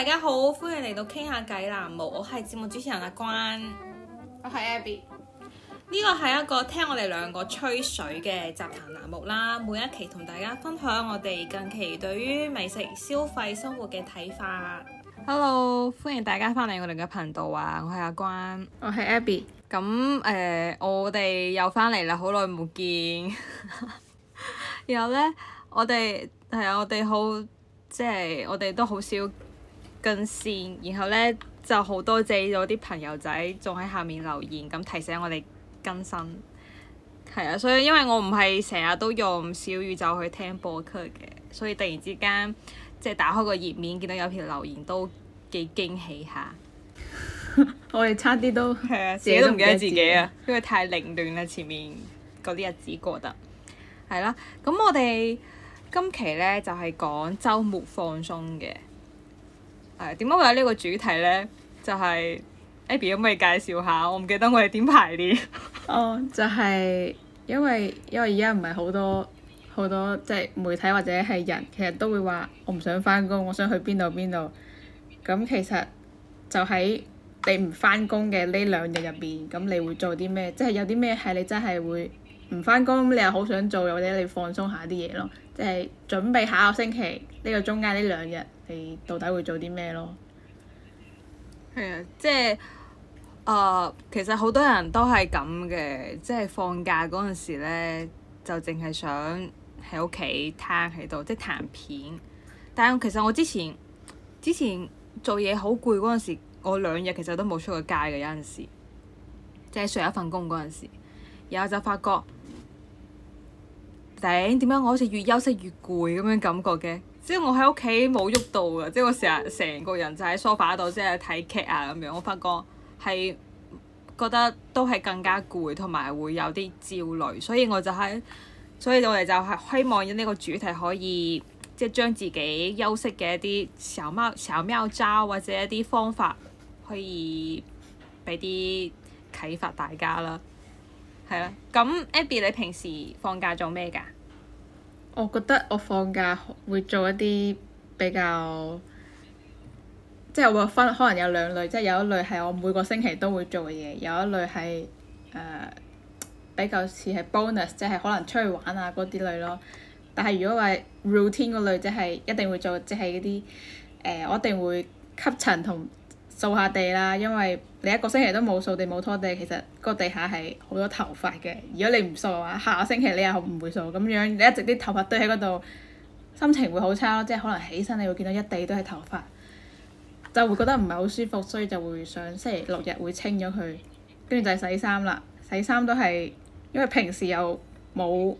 大家好，歡迎嚟到傾下偈欄目，我係節目主持人阿關，我係 Abby，呢個係一個聽我哋兩個吹水嘅雜談欄目啦，每一期同大家分享我哋近期對於美食消費生活嘅睇法。Hello，歡迎大家翻嚟我哋嘅頻道啊，我係阿關，我係 Abby，咁誒，我哋又翻嚟啦，好耐冇見， 然後呢，我哋係啊，我哋好即係我哋都好少更新，然後呢，就好多謝咗啲朋友仔，仲喺下面留言咁提醒我哋更新。係啊，所以因為我唔係成日都用小宇宙去聽播客嘅，所以突然之間即係打開個頁面，見到有條留言都幾驚喜下。 我哋差啲都係啊，自己都唔記得自己啊， 因為太凌亂啦前面嗰啲日子過得。係啦，咁我哋今期呢，就係、是、講週末放鬆嘅。係點解會有呢個主題呢？就係，Abby 可唔可以介紹下？我唔記得我哋點排練。哦，就係因為因為而家唔係好多好多即係媒體或者係人，其實都會話我唔想翻工，我想去邊度邊度。咁其實就喺你唔翻工嘅呢兩日入面，咁你會做啲咩？即係有啲咩係你真係會唔翻工咁你又好想做，或者你放鬆一下啲嘢咯？即係準備下個星期呢個中間呢兩日，你到底會做啲咩咯？係啊，即係啊、呃，其實好多人都係咁嘅，即係放假嗰陣時呢，就淨係想喺屋企攤喺度，即係彈片。但係其實我之前之前做嘢好攰嗰陣時，我兩日其實都冇出過街嘅，有陣時，即係上一份工嗰陣時，然後就發覺頂，點解我好似越休息越攰咁樣感覺嘅。即我喺屋企冇喐到嘅，即我成日成個人就喺梳化度，即睇劇啊咁樣。我發覺係覺得都係更加攰，同埋會有啲焦慮，所以我就喺、是，所以我哋就係希望呢個主題可以即將自己休息嘅一啲小妙招、小妙招或者一啲方法可以俾啲啟發大家啦。係啦，咁 Abbie 你平時放假做咩㗎？我覺得我放假會做一啲比較，即係我分可能有兩類，即係有一類係我每個星期都會做嘅嘢，有一類係誒、呃、比較似係 bonus，即係可能出去玩啊嗰啲類咯。但係如果話 routine 嗰類，即係一定會做，即係嗰啲誒，我一定會吸塵同。掃下地啦，因為你一個星期都冇掃地冇拖地，其實個地下係好多頭髮嘅。如果你唔掃嘅話，下個星期你又唔會掃，咁樣你一直啲頭髮堆喺嗰度，心情會好差咯。即係可能起身你會見到一地都係頭髮，就會覺得唔係好舒服，所以就會想星期六日會清咗佢，跟住就係洗衫啦。洗衫都係因為平時又冇，唔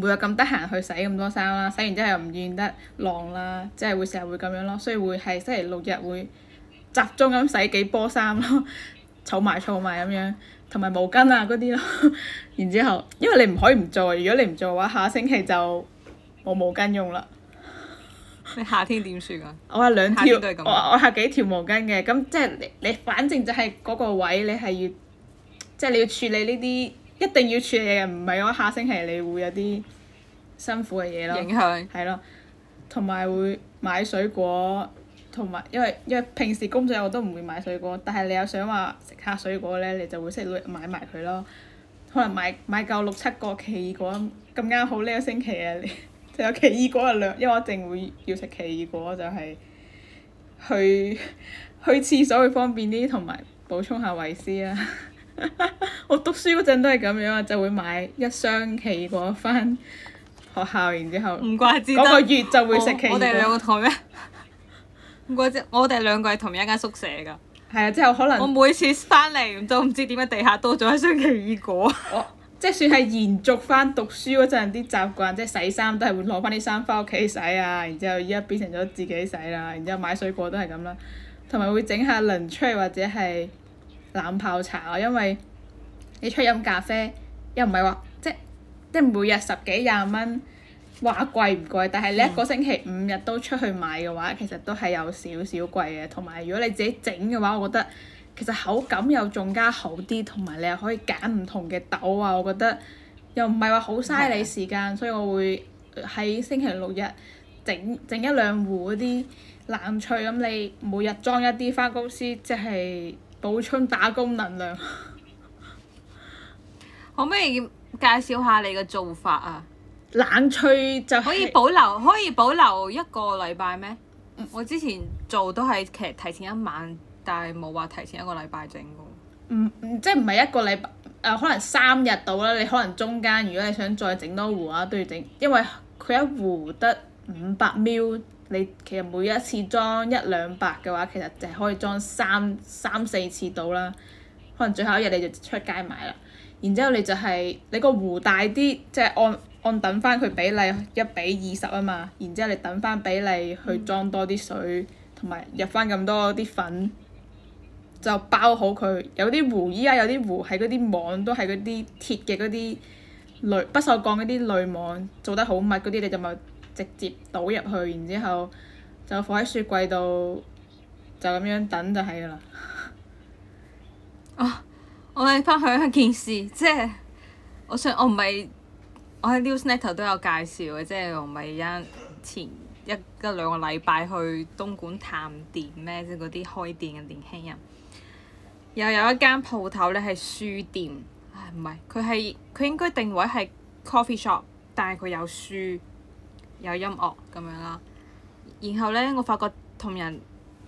會有咁得閒去洗咁多衫啦。洗完之後又唔願得晾啦，即係會成日會咁樣咯，所以會係星期六日會。集中咁洗幾波衫咯，儲埋儲埋咁樣，同埋毛巾啊嗰啲咯。然之後，因為你唔可以唔做，如果你唔做嘅話，下星期就冇毛巾用啦。你夏天點算啊？我係兩條，我我係幾條毛巾嘅。咁即係你你，你反正就係嗰個位，你係要，即係你要處理呢啲，一定要處理嘅，唔係我下星期你會有啲辛苦嘅嘢咯。影響會。係咯，同埋會買水果。同埋，因為因為平時工作我都唔會買水果，但係你又想話食下水果呢，你就會識買埋佢咯。可能買買夠六七個奇異果咁，咁啱好呢個星期啊你，就有奇異果嘅量，因為我一定會要食奇異果，就係、是、去去廁所會方便啲，同埋補充下維 C 啊！ 我讀書嗰陣都係咁樣啊，就會買一箱奇異果翻學校，然後怪之後嗰個月我就會食奇異果。我哋兩個台咩？我即我哋兩個係同一間宿舍㗎。係啊，之後可能我每次翻嚟都唔知點解地下多咗一箱奇異果。即算係延續翻讀書嗰陣啲習慣，即洗衫都係會攞翻啲衫翻屋企洗啊。然之後依家變成咗自己洗啦。然之後買水果都係咁啦，同埋會整下冷萃或者係冷泡茶啊，因為你出去飲咖啡又唔係話即即每日十幾廿蚊。話貴唔貴？但係你一個星期五日都出去買嘅話，嗯、其實都係有少少貴嘅。同埋如果你自己整嘅話，我覺得其實口感又仲加好啲，同埋你又可以揀唔同嘅豆啊。我覺得又唔係話好嘥你時間，的所以我會喺星期六日整整一兩壺嗰啲冷萃。咁你每日裝一啲返公司，即係補充打工能量。可 唔可以介紹下你嘅做法啊？冷萃就係、可以保留可以保留一個禮拜咩？嗯、我之前做都係其實提前一晚，但係冇話提前一個禮拜整嘅。唔，即係唔係一個禮拜？呃、可能三日到啦。你可能中間如果你想再整多壺啊，都要整，因為佢一壺得五百 ml，你其實每一次裝一兩百嘅話，其實就係可以裝三三四次到啦。可能最後一日你就出街買啦，然之後你就係、係、你個壺大啲，即、就、係、是、按。按等翻佢比例一比二十啊嘛，然之後你等翻比例去裝多啲水，同埋、嗯、入翻咁多啲粉，就包好佢。有啲壺依家、啊、有啲壺喺嗰啲網都係嗰啲鐵嘅嗰啲濾不鏽鋼嗰啲濾網做得好密嗰啲，你就咪直接倒入去，然之後就放喺雪櫃度，就咁樣等就係噶啦。啊、哦！我嚟分享一件事，即、就、係、是、我想我唔係。我喺 Newsnet 都有介紹嘅，即係我咪一前一一個兩個禮拜去東莞探店咩？即係嗰啲開店嘅年輕人，又有一間鋪頭呢，係書店，唉，唔係佢係佢應該定位係 coffee shop，但係佢有書有音樂咁樣啦。然後呢，我發覺同人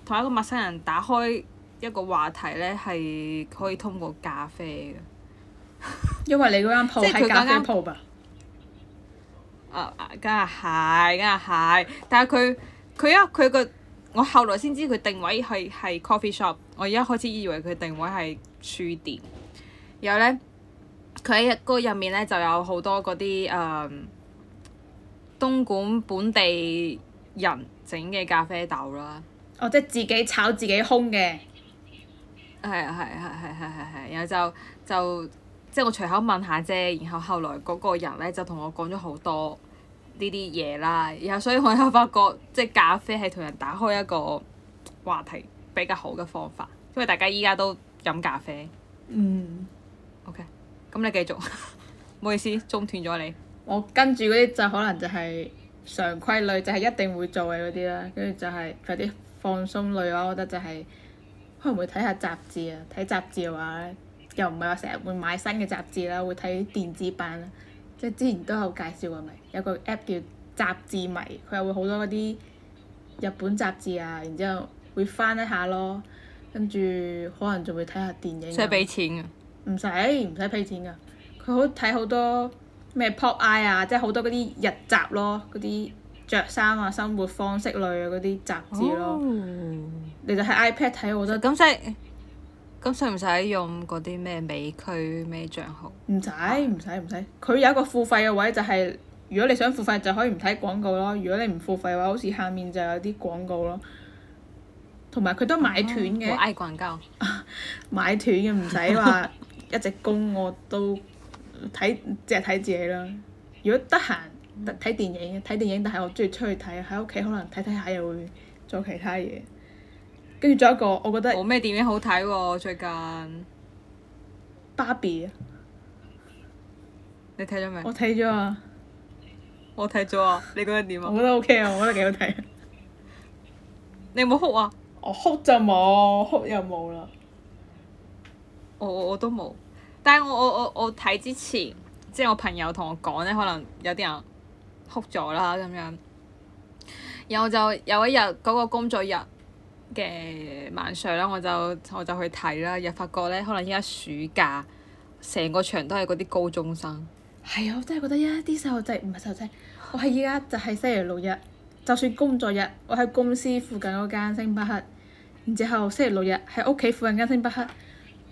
同一個陌生人打開一個話題呢，係可以通過咖啡嘅。 因為你嗰間鋪喺咖啡鋪吧。啊，梗係蟹，梗係蟹。但係佢，佢啊，佢個，我後來先知佢定位係係 coffee shop，我一開始以為佢定位係書店，然後呢，佢喺個入面呢就有好多嗰啲誒東莞本地人整嘅咖啡豆啦。哦，即係自己炒自己烘嘅。 係啊，係係係係係，然後就就，即係我隨口問下啫，然後後來嗰個人呢，就同我講咗好多。呢啲嘢啦，然後所以我又發覺，即咖啡係同人打開一個話題比較好嘅方法，因為大家依家都飲咖啡。嗯。OK，咁你繼續。唔 好意思，中斷咗你。我跟住嗰啲就可能就係常規類，就係一定會做嘅嗰啲啦。跟住就係快啲放鬆類嘅話，我覺得就係可能會睇下雜誌啊。睇雜誌嘅話咧，又唔係話成日會買新嘅雜誌啦，會睇電子版。即之前都有介紹過咪，有個 app 叫雜誌迷，佢有好多嗰啲日本雜誌啊，然之後會翻一下咯，跟住可能仲會睇下電影。要俾錢啊？唔使唔使俾錢噶，佢好睇好多咩 pop eye 啊，即好多嗰啲日雜咯，嗰啲着衫啊、生活方式類啊嗰啲雜誌咯，哦、你就喺 iPad 睇好多。咁即咁使唔使用嗰啲咩美區咩帳號？唔使唔使唔使，佢有一個付費嘅位就係、是，如果你想付費就可以唔睇廣告咯。如果你唔付費嘅話，好似下面就有啲廣告咯。同埋佢都買斷嘅、嗯哦。我挨廣告。 買斷嘅唔使話一直供，我都睇，只係睇自己咯。如果得閒，睇電影睇電影，但係我鍾意出去睇，喺屋企可能睇睇下又會做其他嘢。跟住仲有一個，我覺得冇咩電影好睇喎啊，最近。芭比，啊你睇咗未？我睇咗。啊！我睇咗啊！你覺得點啊？我覺得 OK 啊，我覺得幾好睇啊。 你有冇哭啊？我哭就冇，哭又冇啦。我我我都冇，但係我我我我睇之前，即係我朋友同我講呢，可能有啲人哭咗啦咁樣。然後就有一日嗰個工作日嘅晚上啦，我就我就去睇啦，又發覺呢，可能依家暑假成個場都係嗰啲高中生。係啊、哎，我真係覺得依家啲細路仔唔係細路仔，我係依家就係星期六日，就算工作日，我喺公司附近嗰間星巴克，然之後星期六日喺屋企附近間星巴克，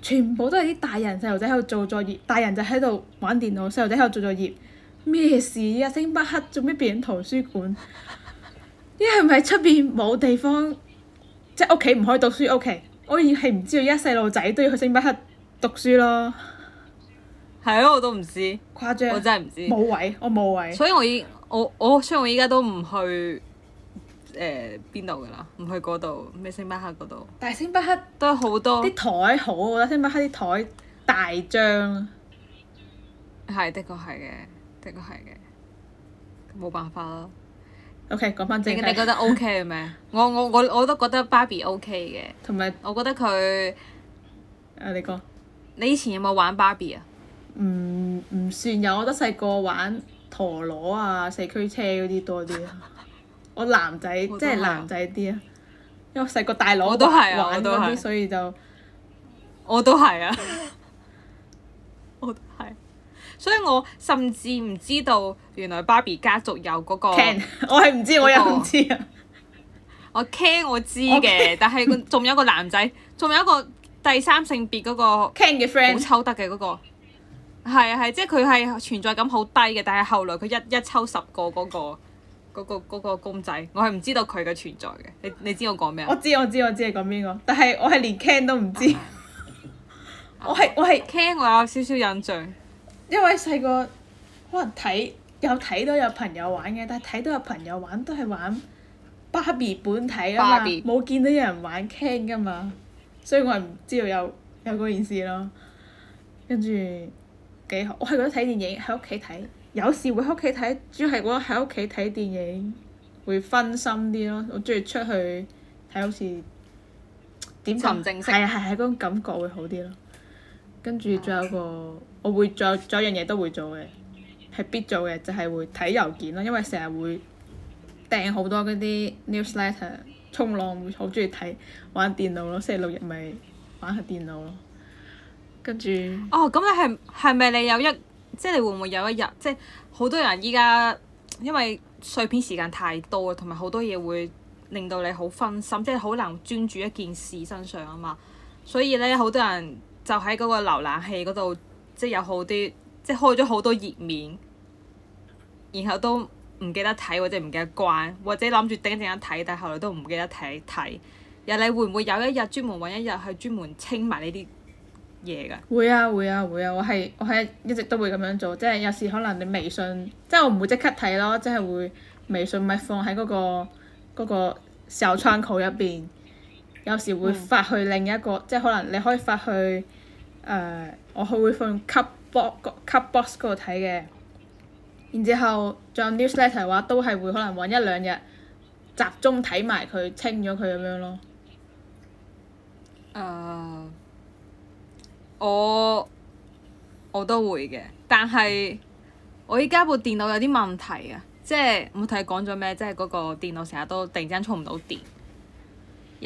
全部都係啲大人細路仔喺度做作業，大人就喺度玩電腦，細路仔喺度做作業。咩事啊？星巴克做咩變圖書館？啲係咪出邊冇地方？即屋企唔可以讀書，屋、okay. 企我已係唔知道而家細路仔都要去星巴克讀書咯。係咯，我都唔知，誇張我。我真係唔知。冇位，我冇位。所以我依我我所以我依家都唔去誒邊度㗎啦，唔、呃、去嗰度咩星巴克嗰度。但係星巴克都有好多。啲枱好，我覺得星巴克啲枱大張。係的確係嘅，的確係嘅。冇辦法啦。O.K. 講翻正經，你覺得 O.K. 係咪啊？我我我我都覺得芭比 O.K. 嘅，同埋有我覺得佢，啊你講，你以前有冇玩芭比啊？唔唔算有，我覺得細個玩陀螺啊、四驅車嗰啲多啲。我男仔即係男仔啲啊，因為細個大佬都係啊，玩嗰啲所以就，我都係啊。 所以我甚至唔知道原來芭比家族有嗰個，我係唔知，我又唔知啊。我 Ken 我知嘅，Okay. 但係仲有個男仔，仲有一個第三性別嗰個 Ken 嘅 friend 好抽得嘅嗰個。係係，即係佢係存在感好低嘅，但係後來佢一一抽十個嗰個嗰個嗰個公仔，我係唔知道佢嘅存在嘅。你你知我講咩啊？我知我知我知你講邊個，但係我係連 Ken 都唔知、uh huh. 我。我係我係 Ken 我有少少印象。因為細個可能睇有睇都有朋友玩嘅，但係睇都有朋友玩都係玩芭比本體啊 Barbie. 嘛，冇見到有人玩 Ken 㗎嘛，所以我係唔知道有有嗰件事咯。跟住幾好，我係覺得睇電影喺屋企睇，有時會喺屋企睇，主要係覺得喺屋企睇電影會分心啲咯。我鍾意出去睇，好似點沉浸式，係係係嗰種感覺會好啲咯。跟住，仲有個我會，仲有仲有樣嘢都會做嘅，係必做嘅，就係會睇郵件咯。因為成日會訂好多嗰啲 newsletter，沖浪會好中意睇玩電腦咯。星期六日咪玩下電腦咯。跟住哦，咁你係係咪你有一即係你會唔會有一日，即係好多人依家因為碎片時間太多，同埋好多嘢會令到你好分心，即係好難專注一件事身上啊嘛。所以呢，好多人。就喺嗰個瀏覽器嗰度，即係有好啲，即係開咗好多頁面，然後都唔記得睇或者唔記得關，或者諗住頂一陣睇，但係後來都唔記得睇睇。又你會唔會有一日專門搵一日去專門清埋呢啲嘢㗎？會啊會啊會啊！我係我係一直都會咁樣做，即係有時可能你微信，即係我唔會即刻睇咯，即係會微信咪放喺嗰個嗰個小窗口入邊。有時會發去另一個，嗯、即可能你可以發去誒、呃，我佢會放 Cubox 嗰度睇嘅。然之後，仲有 newsletter 嘅話，都係會可能搵一兩日集中睇埋佢，清咗佢咁樣咯。誒、uh,，我我都會嘅，但係我依家部電腦有啲問題啊！即係冇睇講咗咩，即係嗰個電腦成日都突然之間充唔到電。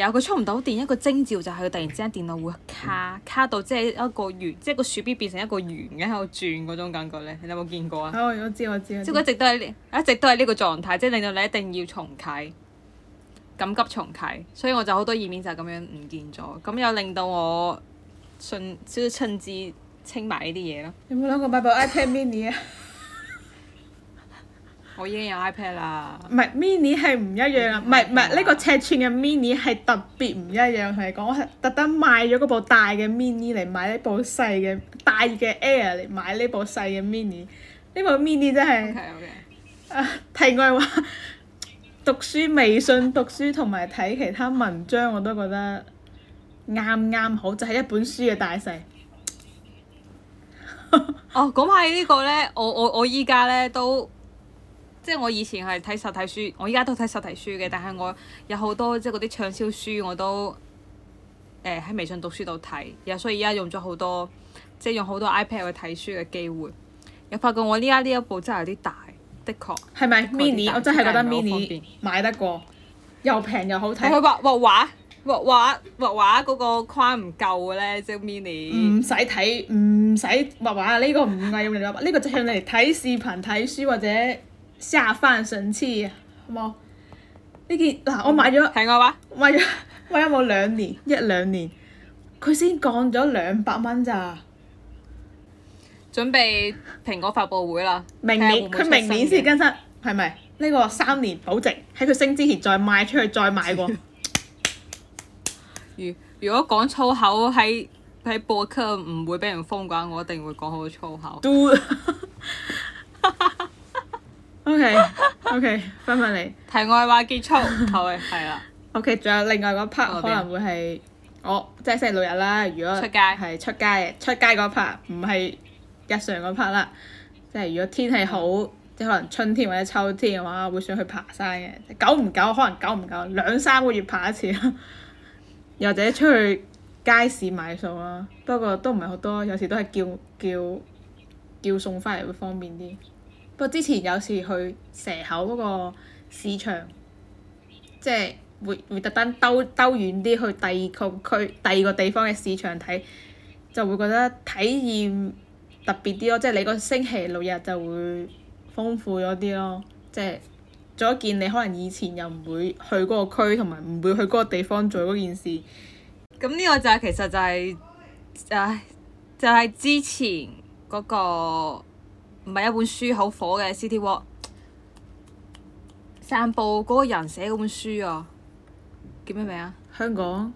有，佢充唔到電，一個徵兆就係佢突然之間電腦會卡，卡到即係一個圓，即係個鼠標變成一個圓嘅喺度轉嗰種感覺咧，你有冇見過啊？我知我知，即係一直都係一直都係呢個狀態，即係令到你一定要重啟，緊急重啟，所以我就好多頁面就咁樣唔見咗，咁又令到我順即係親自清埋呢啲嘢咯。有冇諗過買部 iPad Mini 啊？ 我已經有 iPad 啦，唔係 mini 係唔一樣啊。唔係唔係呢個尺寸嘅 mini 係特別唔一樣同你講，我係特登賣咗嗰部大嘅 mini 嚟買呢部細嘅大嘅 Air 嚟買呢部細嘅 mini，呢部 mini 真係 Okay, okay. 啊題外話，讀書微信讀書同埋睇其他文章我都覺得啱啱好，就係、是、一本書嘅大細。 哦，講起呢個呢，我我我依家呢都～即係我以前係睇實體書，我依家都睇實體書嘅。但係我有好多即係嗰啲暢銷書，我都誒喺、欸、微信讀書度睇。又所以依家用咗好多，即係用好多 iPad 去睇書嘅機會。又發覺我依家呢一部真係有啲大，的確係咪 mini？我真係覺得 mini 買得過，又平又好睇。但係畫畫畫畫畫畫嗰個框唔夠嘅咧，即 mini。唔使睇，唔使畫畫。呢個唔係用嚟呢、呢個就係用嚟睇視頻、睇書或者。四廿番上次好好啊，好冇？呢件嗱我買咗，係我話，買咗買咗冇兩年，一兩年，佢先降咗兩百蚊咋？準備蘋果發布會啦，明年佢明年先更新，係咪？呢、呢個三年保值，喺佢升之前再賣出去再買過。如 如果講粗口喺喺播客唔會俾人封嘅話，我一定會講好粗口。Do O.K. O.K. 翻翻嚟題外話結束，好嘅， 係啦。O.K.，仲有另外嗰 part 可能會係、啊、我即係星期六日啦。如果出街，係出街嘅，出街嗰 part 唔係日常嗰 part 啦。即、就、係、是、如果天氣好，嗯、即係可能春天或者秋天嘅話，我會想去爬山嘅。久唔久可能久唔久，兩三個月爬一次啦。又 或者出去街市買餸啦、啊，不過都唔係好多，有時都係叫叫叫，叫送翻嚟會方便啲。不過之前有時去蛇口嗰個市場，即係會會特登兜兜遠啲去第二個區、第二個地方嘅市場睇，就會覺得體驗特別啲咯。即係你個星期六日就會豐富咗啲咯。即係做一件你可能以前又唔會去嗰個區，同埋唔會去嗰個地方做嗰件事。咁呢個就係、係、其實就係，唉，就係、係就係、之前嗰、嗰個。唔係一本書好火嘅《City Walk》散步嗰個人寫嗰本書啊，叫咩名啊？香港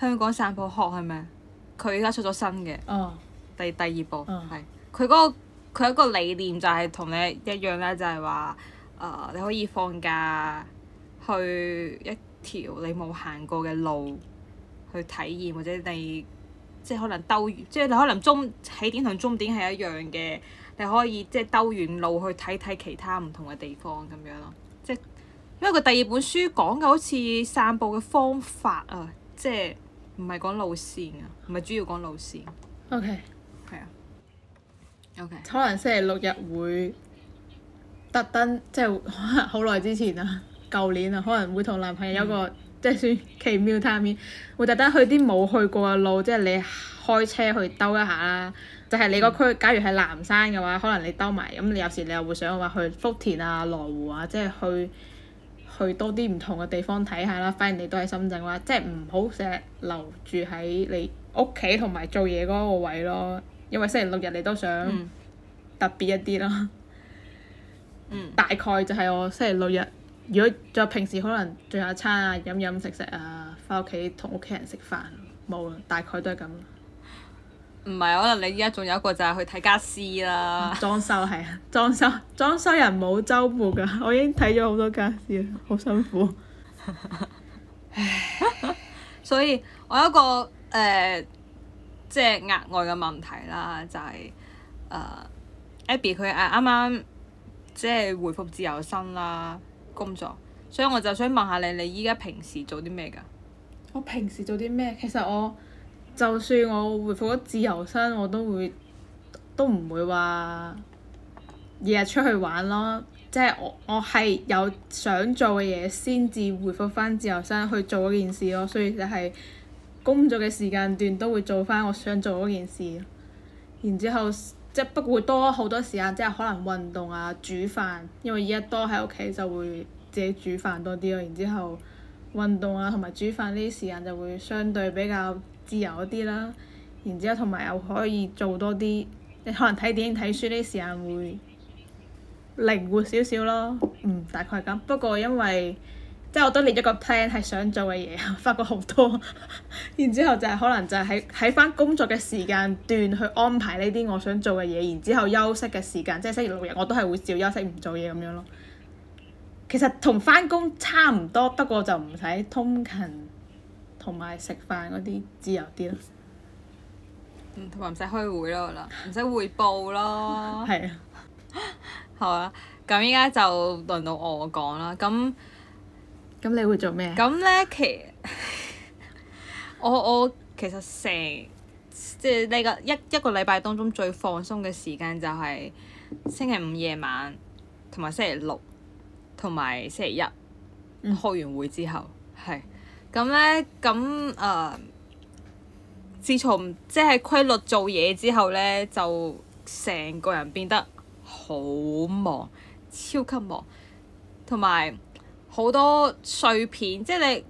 香港散步學係咪？佢而家出咗新嘅、oh.。第第二部係佢嗰個，佢有一個理念就係同你一樣咧，就係話誒你可以放假去一條你冇行過嘅路去體驗或者你。即係可能兜完，即係你可能終起點同終點係一樣嘅，你可以即係兜完路去睇睇其他唔同嘅地方咁樣咯。即係因為佢第二本書講嘅好似散步嘅方法啊，即係唔係講路線啊，唔係主要講路線。O K。係啊。O K。可能星期六日會特登，即係好耐之前啊，舊年啊，可能會同男朋友有一個。嗯即算奇妙探險，會特登去啲冇去過嘅路，即係你開車去兜一下啦。就係、是、你個區，嗯、假如係南山嘅話，可能你兜埋，咁你有時你又會想話去福田啊、羅湖啊，即係去去多啲唔同嘅地方睇下啦。反正你都喺深圳嘅話，即係唔好成日留住喺你屋企同埋做嘢嗰個位咯。因為星期六日你都想特別一啲咯。嗯、大概就係我星期六日。如果就平時可能聚下餐啊、飲飲食食啊、翻屋企同屋企人食飯，冇啦，大概都係咁。唔係，可能你依家仲有一個就係去睇家私啦。裝修係啊！裝修裝修人冇周末噶，我已經睇咗好多家私，啦，好辛苦。 所以，我有一個誒，即、呃、係、就是、額外嘅問題啦，就係、是、誒、呃、Abbie 佢啱啱即係回復自由身啦。工作，所以我就想問下你，你依家平時做啲咩噶？我平時做啲咩？其實我就算我回復咗自由身，我都會都唔會話日日出去玩咯。即係我我係有想做嘅嘢先至回復翻自由身去做嗰件事咯。所以就係工作嘅時間段都會做翻我想做嗰件事。然之後。即不過會多好多時間，即可能運動啊、煮飯，因為依家多喺屋企就會自己煮飯多啲咯。然之後運動啊同埋煮飯呢啲時間就會相對比較自由一啲啦。然之後同埋又可以做多啲，你可能睇電影睇書呢啲時間會靈活少少咯。嗯，大概咁。不過因為即係我都列咗個 plan 係想做嘅嘢，發覺好多。 然之後就係可能就係喺喺翻工作嘅時間段去安排呢啲我想做嘅嘢，然之後休息嘅時間，即係星期六日我都係會照休息唔做嘢咁樣咯。其實同翻工差唔多，不過就唔使通勤同埋食飯嗰啲自由啲咯。嗯，同埋唔使開會咯，唔使匯報咯。係啊 是的。 好啊，咁依家就輪到我講啦。咁。咁你會做咩？咁咧，其 我我其實成即係呢個一一個禮拜當中最放鬆嘅時間就係星期五夜晚同埋星期六同埋星期一開、嗯、完會之後，係咁咧，咁啊、呃、自從即係規律做嘢之後咧，就成個人變得好忙，超級忙，同埋。好多碎片，即係你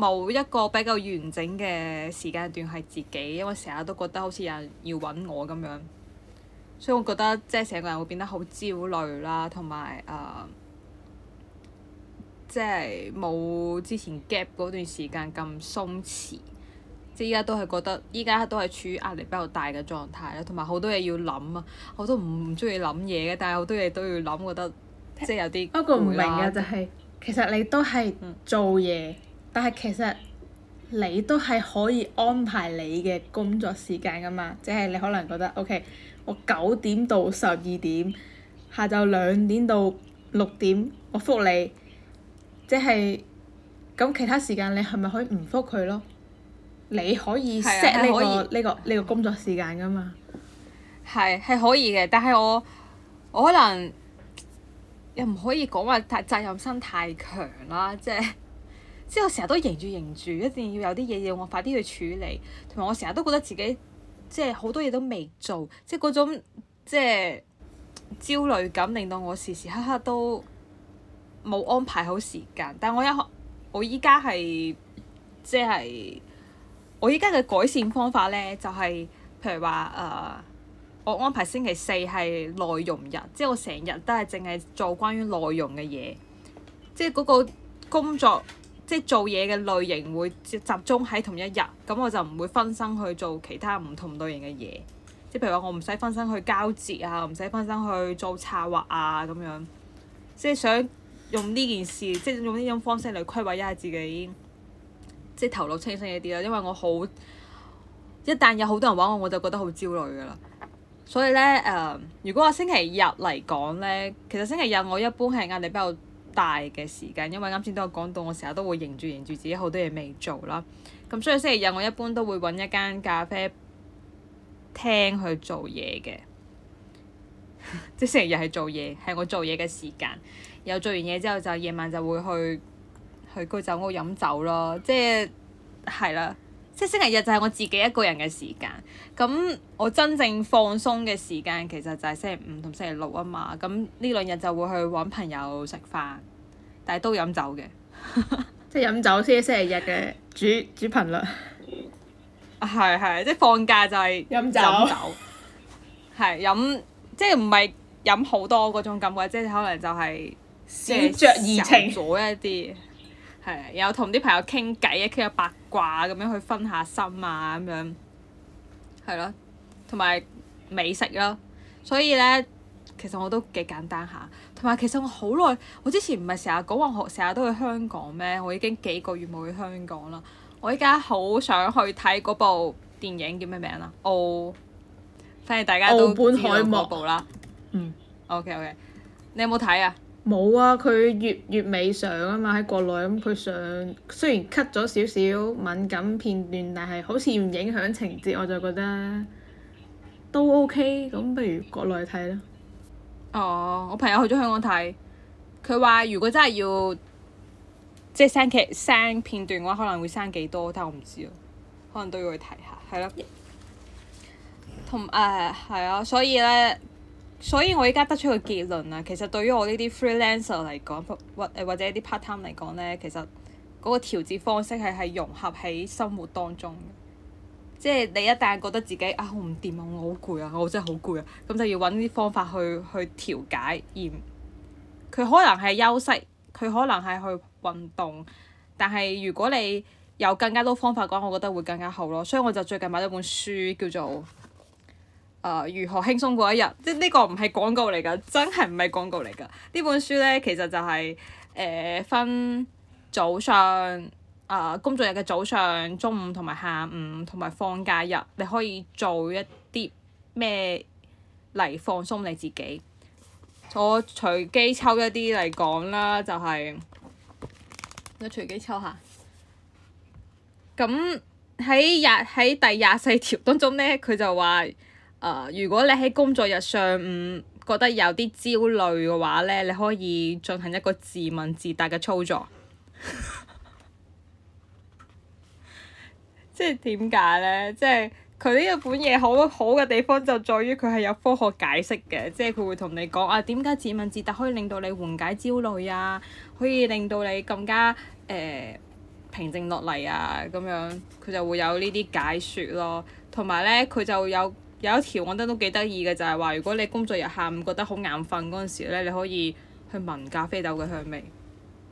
冇一個比較完整嘅時間段係自己，因為成日都覺得好似有人要揾我咁樣，所以我覺得即係成個人會變得好焦慮啦，同埋誒，uh, 即係冇之前 gap 嗰段時間咁鬆弛，即係依家都係覺得依家都係處於壓力比較大嘅狀態啦，同埋好多嘢要諗啊，我都唔中意諗嘢嘅，但係好多嘢都要諗，覺得。即係有啲不過唔明嘅就係、是，嗯、其實你都係做嘢，嗯、但係其實你都係可以安排你嘅工作時間㗎嘛。即、就、係、是、你可能覺得 O、okay, K，我九點到十二點，下晝兩點到六點，我覆你。即係咁，其他時間你係咪可以唔覆佢咯？你可以 set 呢、這個呢、啊這個這個工作時間㗎嘛？係係可以嘅，但係我我可能。又唔可以講話太責任心太強啦，即係即係我成日都迎住迎住，一定要有啲嘢要我快啲去處理，同埋我成日都覺得自己即係好多嘢都未做，即係嗰種即係焦慮感令到我時時刻刻都冇安排好時間。但係我一我依家係即係我依家嘅改善方法咧，就係、是、譬如話誒。呃我安排星期四係內容日，即係我成日都係淨係做關於內容嘅嘢，即係嗰個工作，即係做嘢嘅類型會集中喺同一日，咁我就唔會分身去做其他唔同類型嘅嘢，即係譬如話我唔使分身去交接啊，唔使分身去做策劃啊咁樣，即係想用呢件事，即係用呢種方式嚟規劃一下自己，即係頭腦清醒一啲啦，因為我好，一旦有好多人搵我，我就覺得好焦慮㗎啦。所以呢，誒，如果我星期日嚟講呢，其實星期日我一般係壓力比較大嘅時間，因為啱先都有講到，我成日都會認住認住自己好多嘢未做啦。咁所以星期日我一般都會揾一間咖啡廳去做嘢嘅， 即星期日係做嘢，係我做嘢嘅時間。有做完嘢之後就，就夜晚就會去去居酒屋飲酒咯，即係係即係星期日就係我自己一個人嘅時間，咁我真正放鬆嘅時間其實就係星期五同星期六啊嘛，咁呢兩日就會去揾朋友食飯，但係都飲酒嘅， 即係飲酒先係星期日嘅主主頻率。係係， 即係放假就係飲酒。係酒 飲，即係唔係飲好多嗰種感覺，即係可能就係小酌怡情咗一啲。係，然後同啲朋友傾偈啊，傾下八卦咁樣去分下心啊，咁樣。係咯，同埋美食咯，所以咧，其實我都幾簡單下。同埋其實我好耐，我之前唔係成日講話學，成日都去香港咩？我已經幾個月冇去香港啦。我依家好想去睇嗰部電影叫咩名啊？哦，反正大家都奧本海默啦。嗯。 OK OK，你有冇睇啊？冇啊！佢月月尾上啊嘛，喺國內咁佢上雖然 cut 咗少少敏感片段，但係好似唔影響情節，我就覺得都 OK。咁不如國內睇咯。哦，我朋友去咗香港睇，佢話如果真係要即係刪劇刪片段嘅話，可能會刪幾多，但係我唔知，可能都要去睇下，係咯。Yeah. 同誒係啊，所以呢。所以我依家得出個結論啊。其實對於我呢啲 freelancer 嚟講，或或者啲 part time 嚟講咧，其實嗰個調節方式係係融合喺生活當中。即係你一旦覺得自己啊，我唔掂啊，我好攰啊，我真係好攰啊，咁就要揾啲方法去去調解而。佢可能係休息，佢可能係去運動，但係如果你有更加多方法嘅話，我覺得會更加好咯。所以我就最近買咗本書叫做。誒、呃、如何輕鬆過一日？即呢、這個唔係廣告嚟㗎，真係唔係廣告嚟㗎。呢本書咧其實就係、是、誒、呃、分早上，誒、呃、工作日嘅早上、中午同埋下午，同埋放假日，你可以做一啲咩嚟放鬆你自己。我隨機抽一啲嚟講啦，就係、是。你隨機抽下。咁喺廿喺第廿四條當中咧，佢就話。誒，uh, 如果你喺工作日上午覺得有啲焦慮嘅話咧，你可以進行一個自問自答嘅操作。 即係點解咧？即係佢呢一本嘢好好嘅地方就在於佢係有科學解釋嘅，即係佢會同你講啊，點解自問自答可以令到你緩解焦慮啊？可以令到你更加誒、呃、平靜落嚟啊！咁樣佢就會有呢啲解説咯，同埋咧佢就有。有一條我覺得都幾得意嘅就係話，如果你工作日下午覺得好眼瞓嗰陣時呢，你可以去聞咖啡豆嘅香味。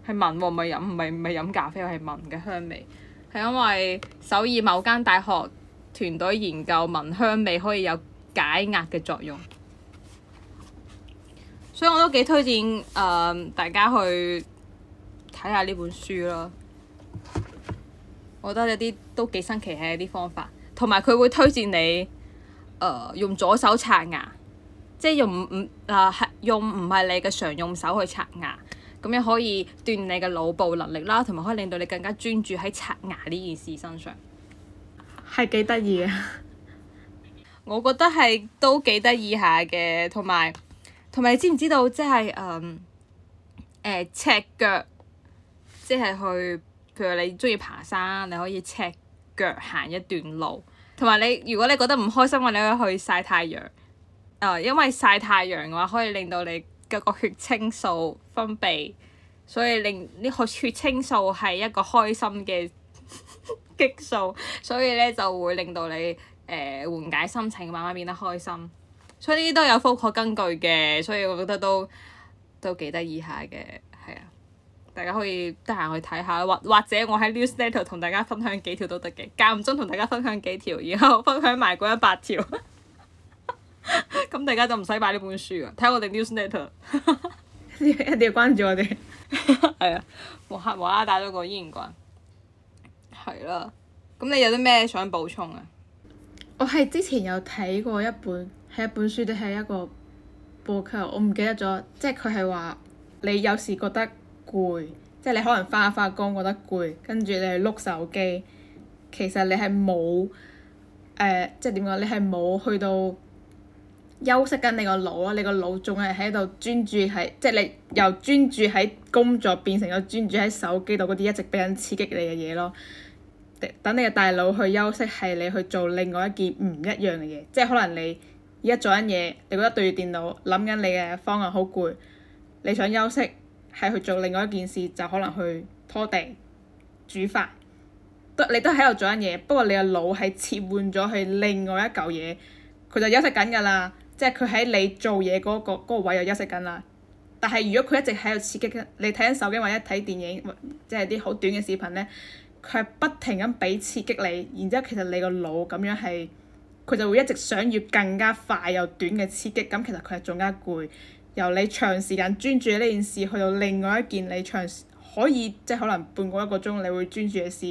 係聞喎，唔係飲，唔係飲咖啡，係聞嘅香味。係因為首爾某間大學團隊研究聞香味可以有解壓嘅作用。所以我都幾推薦誒、呃、大家去睇下呢本書咯。我覺得有啲都幾新奇嘅一啲方法，同埋佢會推薦你。誒、呃、用左手刷牙，即係用唔唔啊，係、呃、用唔係你嘅常用手去刷牙，咁樣可以鍛鍊你嘅腦部能力啦，同埋可以令到你更加專注喺刷牙呢件事身上。係幾得意啊！我覺得係都幾得意下嘅，同埋同埋你知唔知道，即係誒誒赤腳，即係去，譬如你中意爬山，你可以赤腳行一段路。同埋你，如果你覺得唔開心嘅話，你可以去曬太陽。誒、uh，因為曬太陽嘅話，可以令到你嘅個血清素分泌，所以令呢個血清素係一個開心嘅 激素，所以咧就會令到你誒、呃、緩解心情，慢慢變得開心。所以呢啲都有科學根據嘅，所以我覺得都都幾得意下嘅。大家可以得閒去睇下，或或者我喺 newsletter 同大家分享幾條都得嘅，間唔中同大家分享幾條，然後分享埋嗰一百條。咁 大家就唔使買呢本書啊！睇我哋 newsletter， 一定要關注我哋。係 啊， 王黑娃娃打咗個煙棍。係啦，咁你有啲咩想補充啊？我係之前有睇過一本，係一本書定係一個播客，我唔記得咗。即係佢係話你有時覺得攰，即係你可能翻下翻下工，覺得攰，跟住你去碌手機，其實你係冇誒，即係點講？你係冇去到休息緊你個腦啊。你個腦仲係喺度專注喺，即係你由專注喺工作變成咗專注喺手機度嗰啲一直俾人刺激你嘅嘢咯。等你嘅大腦去休息，係你去做另外一件唔一樣嘅嘢，即係可能你而家做緊嘢，你覺得對住電腦諗緊你嘅方案好攰，你想休息。係去做另外一件事，就可能去拖地、煮飯，都你都喺度做緊嘢，不過你個腦係切換咗去另外一嚿嘢，佢就休息緊㗎啦。即係佢喺你做嘢嗰、嗰個嗰個位又休息緊啦。但係如果佢一直喺度刺激緊，你睇緊手機或者睇電影，即係啲好短嘅視頻呢，佢係不停咁俾刺激你，然之後其實你個腦咁樣係，佢就會一直想要更加快又短嘅刺激，咁其實佢係仲加攰。由你長時間專注呢件事，去到另外一件你長可以即係可能半個一個鐘，你會專注嘅事，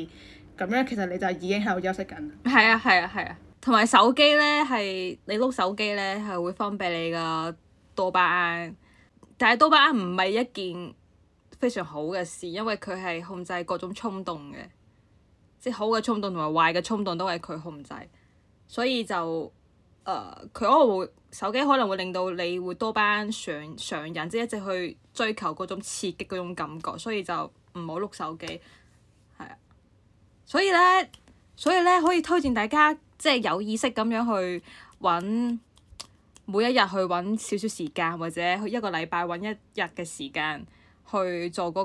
咁樣其實你就已經喺度休息緊啦。係啊係啊係啊，同埋、啊啊、手機呢，係你碌手機呢，係會方便你個多巴胺，但係多巴胺唔係一件非常好嘅事，因為佢係控制各種衝動嘅，即係好嘅衝動同埋壞嘅衝動都係佢控制，所以就。誒佢、呃、可能手機可能會令到你會多巴胺上癮，即係一直去追求嗰種刺激嗰種感覺，所以就唔好碌手機。係啊，所以咧，所以咧可以推薦大家即係有意識咁樣去揾每一日去揾少少時間，或者一個禮拜揾一日嘅時間去做嗰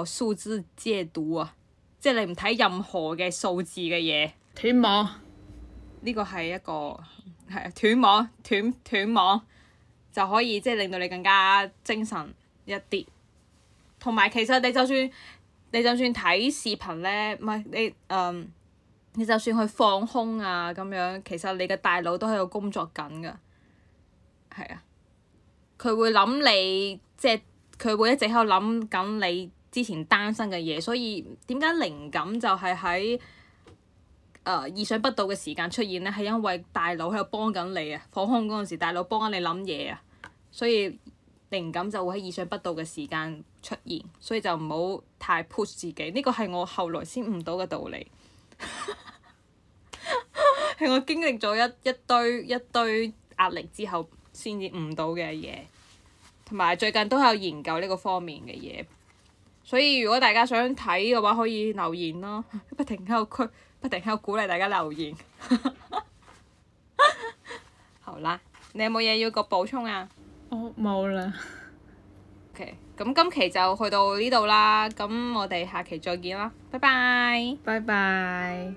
個數字戒毒啊！即係你唔睇任何嘅數字嘅嘢。天啊馬、嗯！呢個係一個～係啊，斷網斷斷網就可以即係令到你更加精神一啲。同埋其實你就算你就算睇視頻咧，唔係你誒、嗯，你就算去放空啊咁樣，其實你嘅大腦都喺度工作緊㗎。係啊，佢會諗你，即係佢會一直喺度諗緊你之前擔心嘅嘢，所以點解靈感就係喺 Uh, 意想不到嘅時間出現呢，係因為大腦喺度幫緊你啊！放空嗰陣時，大腦幫緊你諗嘢啊，所以靈感就會喺意想不到嘅時間出現。所以就唔好太 push 自己，呢個係我後來先悟到嘅道理。係 我經歷咗一一堆一堆壓力之後，先至悟到嘅嘢。同埋最近都有研究呢個方面嘅嘢。所以如果大家想睇嘅話，可以留言咯。不停喺度不停喺度鼓勵大家留言，好啦，你有冇嘢要個補充啊？哦，冇啦。OK，咁今期就去到呢度啦，咁我哋下期再見啦，拜拜。拜拜。